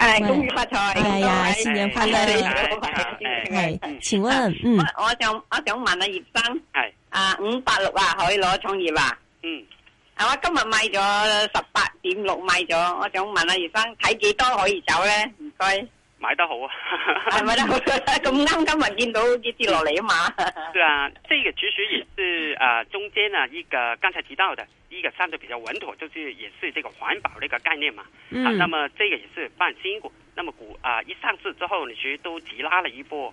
誒，哎、恭喜發財！係啊、哎呀，新年快樂！請問，嗯，我我想我想問阿、啊、葉生，係是啊，五八六啊，可以攞創業啊？嗯，我今日買咗十八點六，賣咗，我想問阿、啊、葉生睇幾多可以走咧？唔該。買得，啊、 買得好啊，係咪啦？咁啱今日見到跌跌落嚟啊嘛。對 啊，這個其實也是啊、呃，中間呢一個剛才提到的，呢個相對比較穩妥，就是也是這個環保呢個概念嘛。嗯。啊，那麼這個也是半新股，那麼股啊、呃、一上市之後，你其實都急拉了一波。